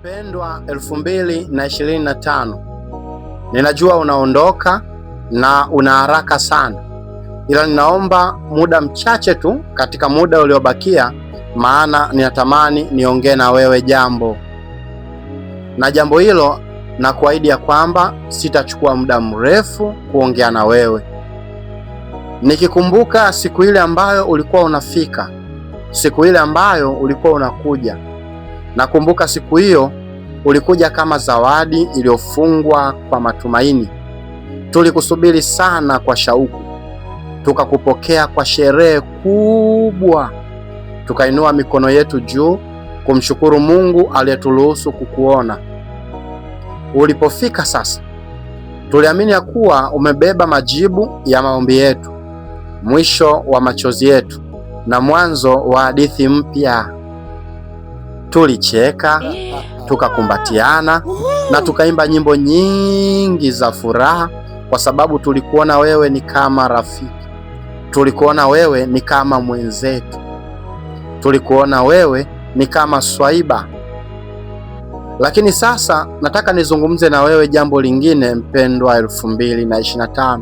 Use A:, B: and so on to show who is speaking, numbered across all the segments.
A: Mpendwa 2025, ninajua unaondoka na una haraka sana, ila ninaomba muda mchache tu katika muda uliobakia, maana ninatamani niongee na wewe jambo, na jambo hilo na kuahidi ya kwamba sitachukua muda mrefu kuongea na wewe, nikikumbuka siku ile ambayo ulikuwa unafika, siku ile ambayo ulikuwa unakuja Nakumbuka siku hiyo ulikuja kama zawadi iliyofungwa kwa matumaini. Tulikusubiri sana kwa shauku, tukakupokea kwa sherehe kubwa, tukainua mikono yetu juu kumshukuru Mungu aliyeturuhusu kukuona. Ulipofika sasa, tuliamini ya kuwa umebeba majibu ya maombi yetu, mwisho wa machozi yetu na mwanzo wa hadithi mpya tulicheka, tukakumbatiana na tukaimba nyimbo nyingi za furaha, kwa sababu tulikuona wewe ni kama rafiki, tulikuona wewe ni kama mwenzetu, tulikuona wewe ni kama swaiba. Lakini sasa nataka nizungumze na wewe jambo lingine, mpendwa 2025.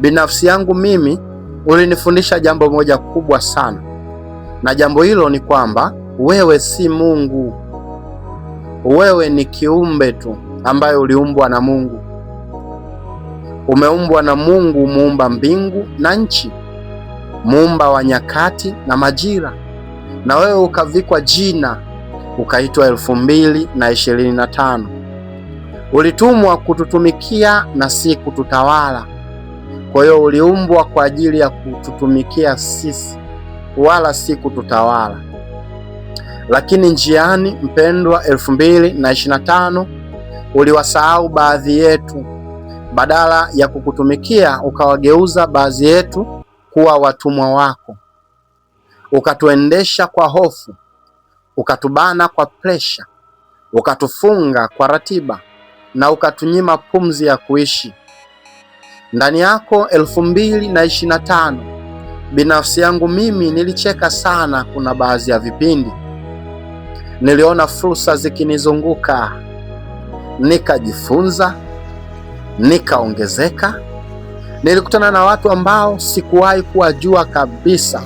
A: Binafsi yangu mimi ulinifundisha jambo moja kubwa sana, na jambo hilo ni kwamba wewe si Mungu, wewe ni kiumbe tu ambaye uliumbwa na Mungu. Umeumbwa na Mungu, muumba mbingu na nchi, muumba wa nyakati na majira, na wewe ukavikwa jina ukaitwa elfu mbili na ishirini na tano. Ulitumwa kututumikia na si kututawala. Kwa hiyo uliumbwa kwa ajili ya kututumikia sisi wala si kututawala. Lakini njiani, mpendwa, elfu mbili na ishirini na tano uliwasahau baadhi yetu, badala ya kukutumikia ukawageuza baadhi yetu kuwa watumwa wako, ukatuendesha kwa hofu, ukatubana kwa presha, ukatufunga kwa ratiba na ukatunyima pumzi ya kuishi. Ndani yako elfu mbili na ishirini na tano binafsi yangu mimi nilicheka sana. Kuna baadhi ya vipindi niliona fursa zikinizunguka, nikajifunza, nikaongezeka. Nilikutana na watu ambao sikuwahi kuwajua kabisa,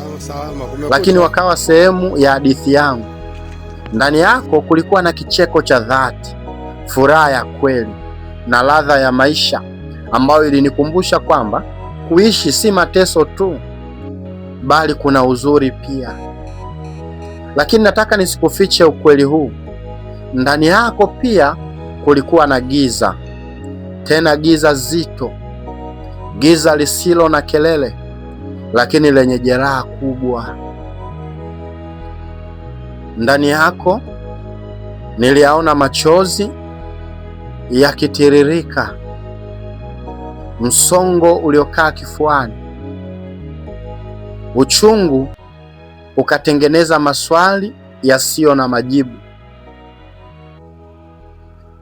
A: lakini wakawa sehemu ya hadithi yangu. Ndani yako kulikuwa na kicheko cha dhati, furaha ya kweli na ladha ya maisha ambayo ilinikumbusha kwamba kuishi si mateso tu, bali kuna uzuri pia. Lakini nataka nisikufiche ukweli huu, ndani yako pia kulikuwa na giza, tena giza zito, giza lisilo na kelele, lakini lenye jeraha kubwa. Ndani yako niliyaona machozi yakitiririka, msongo uliokaa kifuani, uchungu ukatengeneza maswali yasiyo na majibu.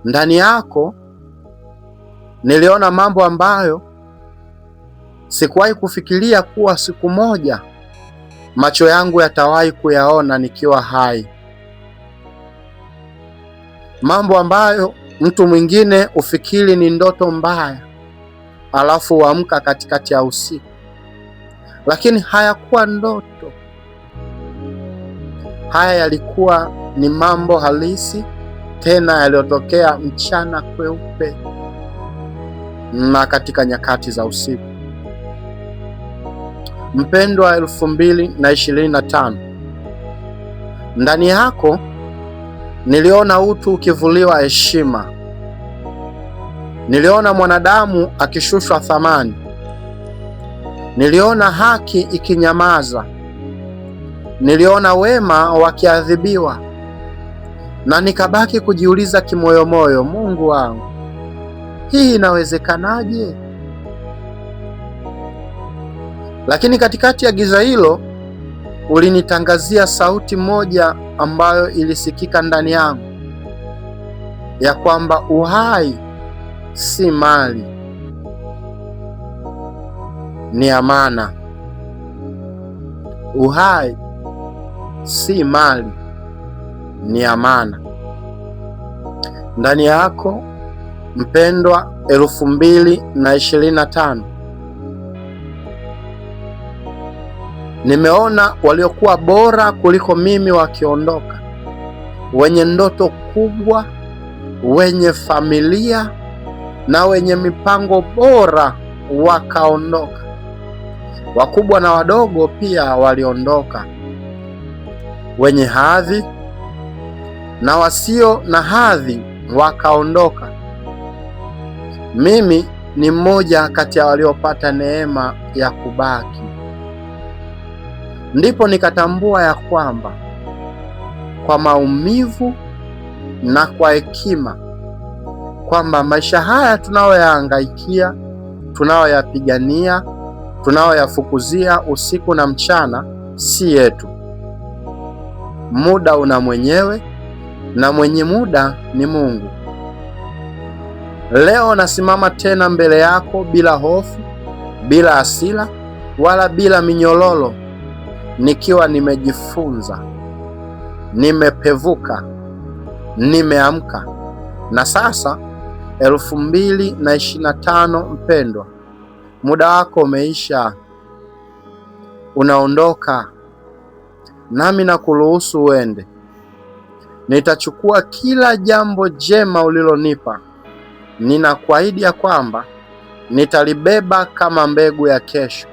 A: Ndani yako niliona mambo ambayo sikuwahi kufikiria kuwa siku moja macho yangu yatawahi kuyaona nikiwa hai, mambo ambayo mtu mwingine ufikiri ni ndoto mbaya, alafu uamka katikati ya usiku, lakini hayakuwa ndoto Haya yalikuwa ni mambo halisi tena yaliyotokea mchana kweupe na katika nyakati za usiku. Mpendwa elfu mbili na ishirini na tano, ndani yako niliona utu ukivuliwa heshima, niliona mwanadamu akishushwa thamani, niliona haki ikinyamaza Niliona wema wakiadhibiwa na nikabaki kujiuliza kimoyomoyo, Mungu wangu, hii inawezekanaje? Lakini katikati ya giza hilo ulinitangazia sauti moja ambayo ilisikika ndani yangu ya kwamba uhai si mali, ni amana. Uhai si mali, ni amana. Ndani yako mpendwa, elfu mbili na ishirini na tano. Nimeona waliokuwa bora kuliko mimi wakiondoka, wenye ndoto kubwa, wenye familia na wenye mipango bora wakaondoka. Wakubwa na wadogo pia waliondoka wenye hadhi na wasio na hadhi wakaondoka. Mimi ni mmoja kati ya waliopata neema ya kubaki. Ndipo nikatambua ya kwamba kwa maumivu na kwa hekima kwamba maisha haya tunayoyahangaikia, tunayoyapigania, tunayoyafukuzia usiku na mchana si yetu, muda una mwenyewe na mwenye muda ni Mungu. Leo nasimama tena mbele yako bila hofu, bila hasira wala bila minyololo nikiwa nimejifunza, nimepevuka, nimeamka. Na sasa elfu mbili na ishirini na tano, mpendwa, muda wako umeisha, unaondoka nami nakuruhusu uende. Nitachukua kila jambo jema ulilonipa, ninakuahidi ya kwamba nitalibeba kama mbegu ya kesho,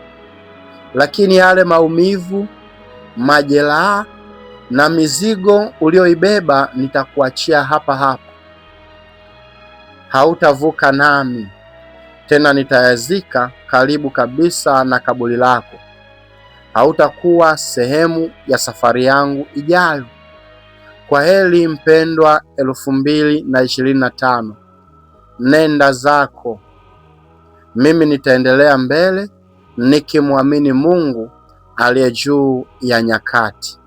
A: lakini yale maumivu, majeraha na mizigo ulioibeba nitakuachia hapa hapa. Hautavuka nami tena, nitayazika karibu kabisa na kaburi lako hautakuwa sehemu ya safari yangu ijayo. Kwa heri mpendwa, elfu mbili na ishirini na tano. Nenda zako, mimi nitaendelea mbele nikimwamini Mungu aliye juu ya nyakati.